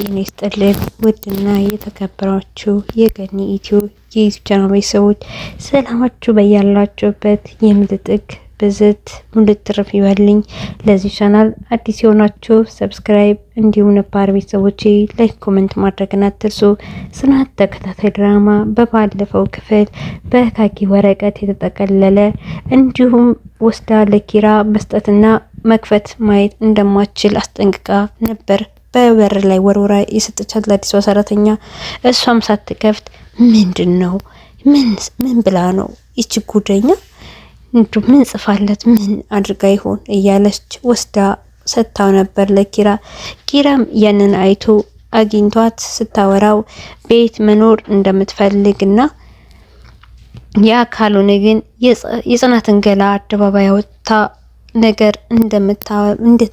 ጤና ይስጥልን ውድና የተከበራችሁ የገኒ ኢትዮ የዩቱብ ቻናል ቤተሰቦች ሰላማችሁ በያላችሁበት የምትጥቅ ብዝት ሙልትርፍ ይበልኝ። ለዚህ ቻናል አዲስ የሆናችሁ ሰብስክራይብ፣ እንዲሁም ነባር ቤተሰቦች ላይክ፣ ኮመንት ማድረግን አትርሱ። ጽናት ተከታታይ ድራማ በባለፈው ክፍል በካኪ ወረቀት የተጠቀለለ እንዲሁም ወስዳ ለኪራ መስጠትና መክፈት ማየት እንደማችል አስጠንቅቃ ነበር። በበር ላይ ወርውራ የሰጠቻት ለአዲሷ ሰራተኛ፣ እሷም ሳትከፍት ምንድን ነው ምን ምን ብላ ነው ይች ጉደኛ እንዱ ምን ጽፋለት ምን አድርጋ ይሆን እያለች ወስዳ ሰጥታው ነበር ለኪራ። ኪራም ያንን አይቶ አግኝቷት ስታወራው ቤት መኖር እንደምትፈልግና ያ ካልሆነ ግን የጽናትን ገላ አደባባይ ያወጣ ነገር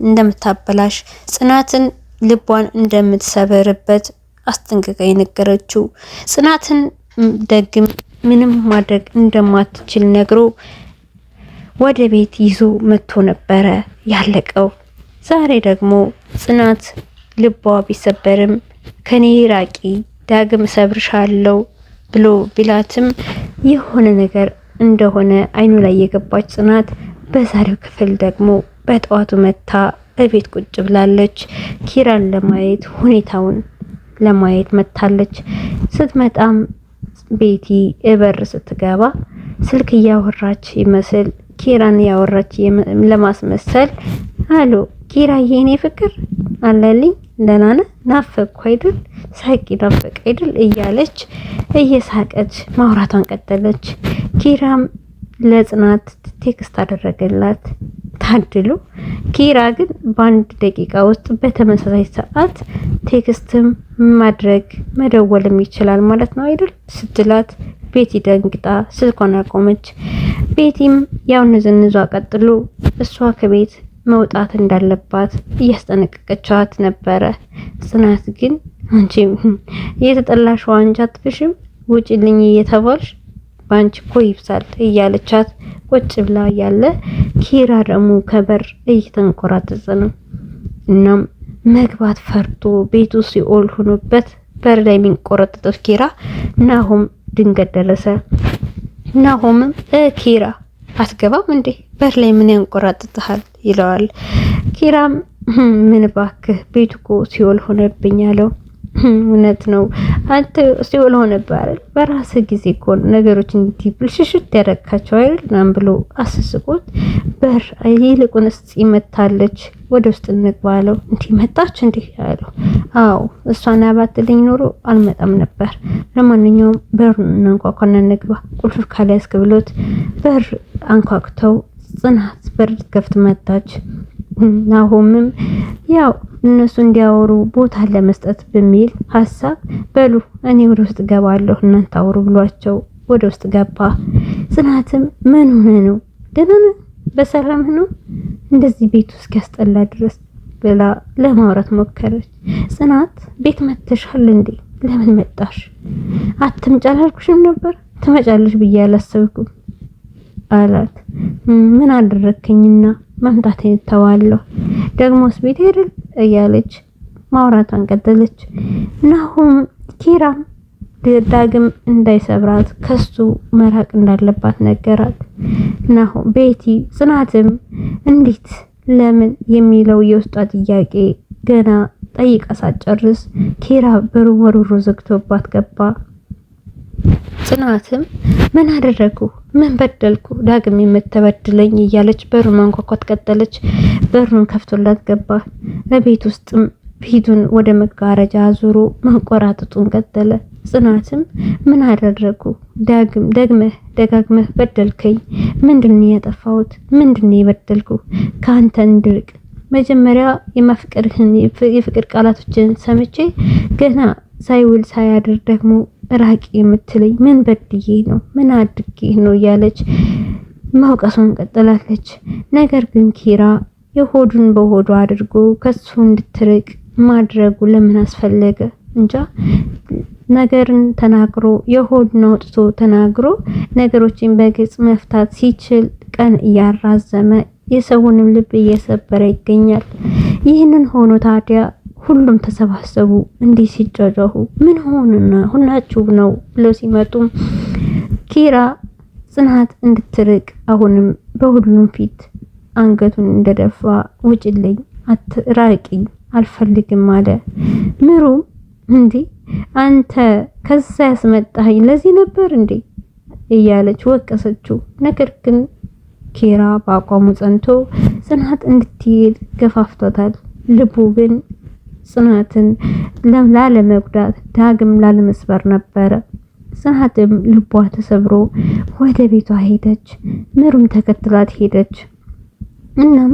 እንደምታበላሽ ጽናትን ልቧን እንደምትሰበርበት አስጠንቅቃ የነገረችው ጽናትን ደግም ምንም ማድረግ እንደማትችል ነግሮ ወደ ቤት ይዞ መጥቶ ነበረ ያለቀው። ዛሬ ደግሞ ጽናት ልቧ ቢሰበርም ከኔ ራቂ ዳግም ሰብርሻለው ብሎ ቢላትም የሆነ ነገር እንደሆነ አይኑ ላይ የገባች ጽናት በዛሬው ክፍል ደግሞ በጠዋቱ መታ እቤት ቁጭ ብላለች። ኪራን ለማየት ሁኔታውን ለማየት መታለች። ስትመጣም ቤቲ እበር ስትገባ ስልክ እያወራች ይመስል ኪራን እያወራች ለማስመሰል አሎ ኪራ የኔ ፍቅር አለልኝ ደህና ነህ? ናፈቅኩ አይደል? ሳቂ ናፈቅ አይደል? እያለች እየሳቀች ማውራቷን ቀጠለች። ኪራም ለጽናት ቴክስት አደረገላት። ታድሉ። ኪራ ግን በአንድ ደቂቃ ውስጥ በተመሳሳይ ሰዓት ቴክስትም ማድረግ መደወልም ይችላል ማለት ነው አይደል? ስትላት ቤቲ ደንግጣ ስልኳን አቆመች። ቤቲም ያው ንዝንዟ ቀጥሎ እሷ ከቤት መውጣት እንዳለባት እያስጠነቀቀቻት ነበረ። ጽናት ግን አንቺ የተጠላሽ ዋንጃ አትፍሽም ውጭልኝ እየተባልሽ ባንች እኮ ይብሳል እያለቻት ቁጭ ብላ ያለ ኪራ ደግሞ ከበር እየተንቆራተጸ ነው። እናም መግባት ፈርቶ ቤቱ ሲኦል ሆኖበት በር ላይ የሚንቆረጠጠው ኪራ ናሆም ድንገት ደረሰ። ናሆምም ኪራ አትገባም እንዴ በር ላይ ምን ያንቆራጥጥሃል? ይለዋል። ኪራም ምን ባክህ ቤቱ እኮ ሲኦል ሆነብኝ አለው። እውነት ነው። አንተ ሲኦል ሆነ አይደል? በራስ ጊዜ እኮ ነገሮች እንዲህ ብልሽሽት ያደረካቸው አይደል? ናም ብሎ አስስቆት በር ይልቁንስ ይመታለች ወደ ውስጥ እንግባ አለው። እንዲህ መጣች እንዲህ አለው። አዎ እሷን አባትልኝ ኖሮ አልመጣም ነበር። ለማንኛውም በር እናንኳኳና እንግባ፣ ቁልፍ ካልያዝክ ብሎት በር አንኳክተው ጽናት በር ልትከፍት መጣች። ናሆምም ያው እነሱ እንዲያወሩ ቦታ ለመስጠት በሚል ሀሳብ በሉ እኔ ወደ ውስጥ ገባለሁ እናንተ አውሩ ብሏቸው ወደ ውስጥ ገባ። ጽናትም ምን ሆነ ነው ደህና በሰላም ነው እንደዚህ ውስጥ እስኪያስጠላ ድረስ ብላ ለማውራት ሞከረች። ጽናት ቤት መተሻል እንዴ ለምን መጣሽ? አትምጪ አላልኩሽም ነበር ትመጫለሽ ብዬ አላሰብኩም አላት። ምን አደረከኝና መምጣቴን ተዋለሁ። ደግሞስ ቤት ሄድን እያለች ማውራቷን ቀጠለች። ናሁም ኪራም ዳግም እንዳይሰብራት ከሱ መራቅ እንዳለባት ነገራት። ናሁም ቤቲ ጽናትም እንዴት ለምን የሚለው የውስጧ ጥያቄ ገና ጠይቃ ሳትጨርስ ኪራ በሩወሩሮ ዘግቶባት ገባ። ጽናትም ምን አደረጉ ምን በደልኩ ዳግም የምትበድለኝ እያለች በሩን ማንኳኳት ቀጠለች። በሩን ከፍቶላት ገባ። በቤት ውስጥም ፊቱን ወደ መጋረጃ ዙሮ መንቆራጠጡን ቀጠለ። ጽናትም ምን አደረጉ? ዳግም ደግመህ ደጋግመህ በደልከኝ። ምንድን ያጠፋሁት? ምንድን የበደልኩ? ከአንተ እንድርቅ መጀመሪያ የማፍቀርህን የፍቅር ቃላቶችን ሰምቼ ገና ሳይውል ሳያድር ደግሞ ራቂ የምትለኝ ምን በድዬ ነው? ምን አድርጌ ነው? እያለች ማውቀሷን ቀጥላለች። ነገር ግን ኪራ የሆዱን በሆዱ አድርጎ ከሱ እንድትርቅ ማድረጉ ለምን አስፈለገ? እንጃ ነገርን ተናግሮ የሆዱን አውጥቶ ተናግሮ ነገሮችን በግልጽ መፍታት ሲችል ቀን እያራዘመ የሰውንም ልብ እየሰበረ ይገኛል። ይህንን ሆኖ ታዲያ ሁሉም ተሰባሰቡ። እንዲህ ሲጫጫሁ ምን ሆንና ሁናችሁ ነው ብለው ሲመጡ ኪራ ጽናት እንድትርቅ አሁንም በሁሉም ፊት አንገቱን እንደደፋ ውጭልኝ፣ አትራቂኝ፣ አልፈልግም አለ። ምሩም እንዴ አንተ ከዛ ያስመጣኸኝ ለዚህ ነበር እንዴ እያለች ወቀሰችው። ነገር ግን ኪራ በአቋሙ ጸንቶ ጽናት እንድትሄድ ገፋፍቷታል። ልቡ ግን ጽናትን ላለመጉዳት ዳግም ላለመስበር ነበረ። ጽናትም ልቧ ተሰብሮ ወደ ቤቷ ሄደች። ምሩም ተከትላት ሄደች። እናም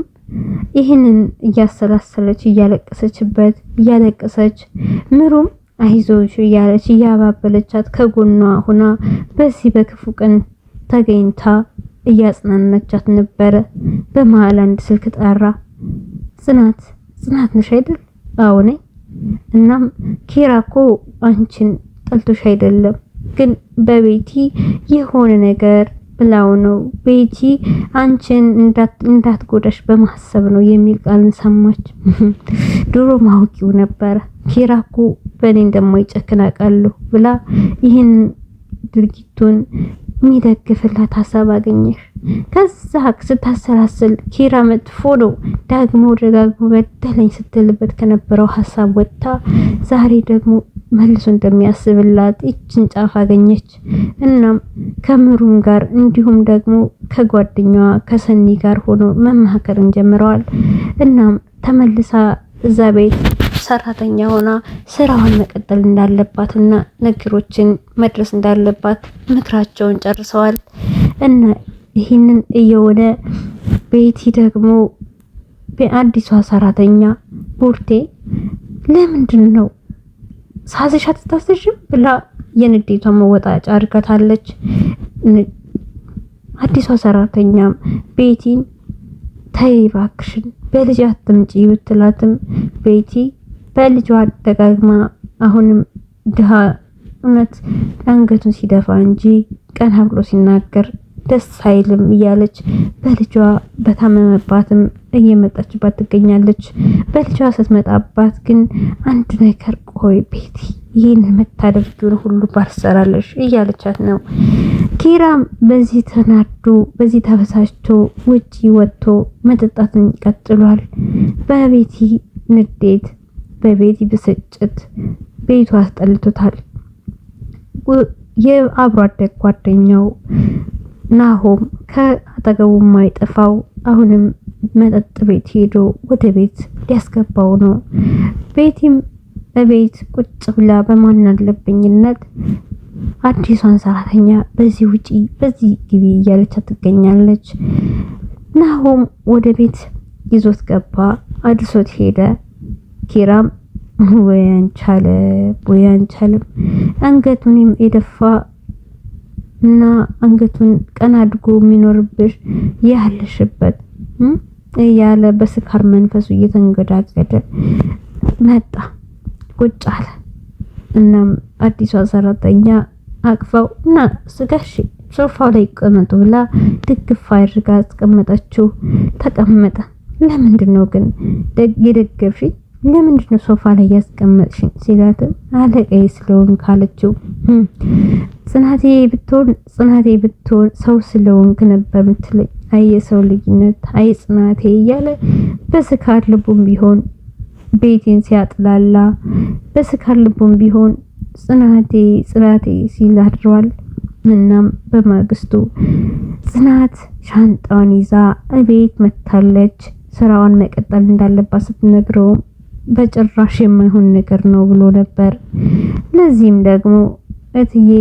ይህንን እያሰላሰለች እያለቀሰችበት እያለቀሰች ምሩም አይዞሽ እያለች እያባበለቻት ከጎኗ ሁና በዚህ በክፉ ቀን ተገኝታ እያጽናናቻት ነበረ። በመሀል አንድ ስልክ ጠራ። ጽናት ጽናት ነሽ አይደል አዎ ነኝ። እናም ኪራ እኮ አንቺን ጠልቶሽ አይደለም፣ ግን በቤቲ የሆነ ነገር ብላው ነው። ቤቲ አንቺን እንዳትጎዳሽ በማሰብ ነው የሚል ቃልን ሰማች። ድሮ ማውቂው ነበረ ኪራ እኮ በእኔ እንደማይጨክን አውቃለሁ ብላ ይህን ድርጊቱን የሚደግፍላት ሀሳብ አገኘህ። ከዛ ስታሰላስል ኪራ መጥፎ ነው ዳግሞ ደጋግሞ በደለኝ ስትልበት ከነበረው ሀሳብ ወጥታ ዛሬ ደግሞ መልሶ እንደሚያስብላት ይችን ጫፍ አገኘች። እናም ከምሩም ጋር እንዲሁም ደግሞ ከጓደኛዋ ከሰኒ ጋር ሆኖ መማከርን ጀምረዋል። እናም ተመልሳ እዛ ቤት ሰራተኛ ሆና ስራዋን መቀጠል እንዳለባትና ነገሮችን መድረስ እንዳለባት ምክራቸውን ጨርሰዋል እና ይህንን እየሆነ ቤቲ ደግሞ በአዲሷ ሰራተኛ ቡርቴ ለምንድን ነው ሳዝሽ አትታዘዥም ብላ የንዴቷ መወጣጫ አድርጋታለች። አዲሷ ሰራተኛም ቤቲን ተይ እባክሽን በልጅ አትምጪ ብትላትም ቤቲ በልጇ አጠቃቅማ አሁንም ድሃ እውነት አንገቱን ሲደፋ እንጂ ቀና ብሎ ሲናገር ደስ አይልም እያለች በልጇ በታመመባትም እየመጣችባት ትገኛለች። በልጇ ስትመጣባት ግን አንድ ነገር ቆይ ቤቲ ይህን የምታደርጊውን ሁሉ ባርሰራለሽ እያለቻት ነው። ኪራም በዚህ ተናዶ በዚህ ተበሳጭቶ ውጪ ወጥቶ መጠጣትን ቀጥሏል። በቤቲ ንዴት በቤቲ ብስጭት ቤቱ አስጠልቶታል። የአብሮ አደግ ጓደኛው ናሆም ከአጠገቡ ማይጠፋው አሁንም መጠጥ ቤት ሄዶ ወደ ቤት ሊያስገባው ነው። ቤቲም በቤት ቁጭ ብላ በማናለብኝነት አዲሷን ሰራተኛ በዚህ ውጪ፣ በዚህ ግቢ እያለች ትገኛለች። ናሆም ወደ ቤት ይዞት ገባ፣ አድሶት ሄደ። ኪራም ወይ አንቻለ ወይ አንቻለም አንገቱን የደፋ እና አንገቱን ቀና አድጎ የሚኖርብሽ ያለሽበት እያለ በስካር መንፈሱ እየተንገዳገደ መጣ፣ ቁጭ አለ። እናም አዲሷ ሰራተኛ አቅፋው እና ስጋሽ ሶፋው ላይ ቀመጡ ብላ ድግፍ አድርጋ አስቀመጠችው። ተቀመጠ። ለምንድን ነው ግን የደገፍሽኝ? ለምንድን ነው ሶፋ ላይ ያስቀመጥሽኝ ሲላት አለቀይ ስለሆን ካለችው ጽናቴ ብትሆን ጽናቴ ብትሆን ሰው ስለሆንክ ነበር ምትለኝ። አየ ሰው ልጅነት አይ ጽናቴ እያለ በስካር ልቡም ቢሆን ቤቴን ሲያጥላላ በስካር ልቡም ቢሆን ጽናቴ ጽናቴ ሲል አድሯል። እናም በማግስቱ ጽናት ሻንጣውን ይዛ እቤት መታለች። ስራዋን መቀጠል እንዳለባት ስትነግረውም በጭራሽ የማይሆን ነገር ነው ብሎ ነበር። ለዚህም ደግሞ እትዬ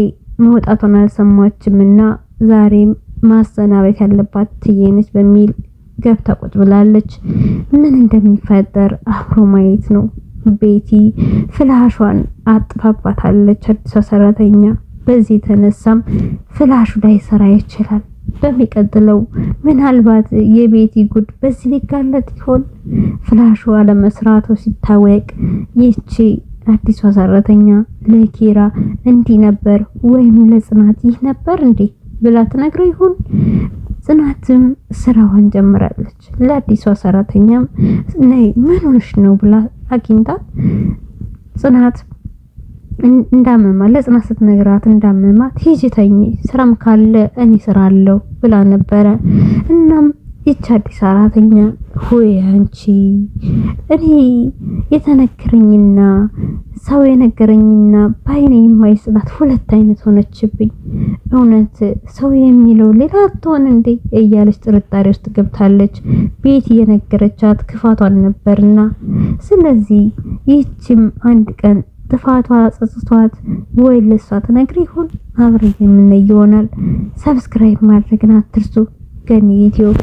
መውጣቷን አልሰማችም እና ዛሬም ማሰናበት ያለባት እትዬ ነች በሚል ገብታ ቁጭ ብላለች። ምን እንደሚፈጠር አብሮ ማየት ነው። ቤቲ ፍላሿን አጥፋባታለች አዲሷ ሰራተኛ። በዚህ የተነሳም ፍላሹ ላይ ሰራ ይችላል በሚቀጥለው ምናልባት የቤቲ ጉድ በዚህ ሊጋለጥ ይሆን? ፍላሹ አለመስራቱ ሲታወቅ ይቺ አዲሷ ሰራተኛ ለኪራ እንዲህ ነበር ወይም ለጽናት ይህ ነበር እንዴ ብላ ትነግረው ይሆን? ጽናትም ስራዋን ጀምራለች። ለአዲሷ ሰራተኛም ነይ ምን ሆነሽ ነው ብላ አግኝታት ጽናት እንዳመማት ለጽናት ስትነግራት እንዳመማት ሂጂ ተኝ ስራም ካለ እኔ ስራ አለው ብላ ነበረ። እናም ይች አዲስ ሰራተኛ ሆይ አንቺ እኔ የተነገረኝና ሰው የነገረኝና በአይኔ የማይ ጽናት ሁለት አይነት ሆነችብኝ። እውነት ሰው የሚለው ሌላ አትሆን እንዴ እያለች ጥርጣሬ ውስጥ ገብታለች። ቤት የነገረቻት ክፋቷን ነበርና፣ ስለዚህ ይህችም አንድ ቀን ጥፋቷ ጸጽቷት ወይ ለሷ ተነግሪ ይሁን አብረን የምንለይ ይሆናል። ሰብስክራይብ ማድረግን አትርሱ። ገኒ ዩቲዩብ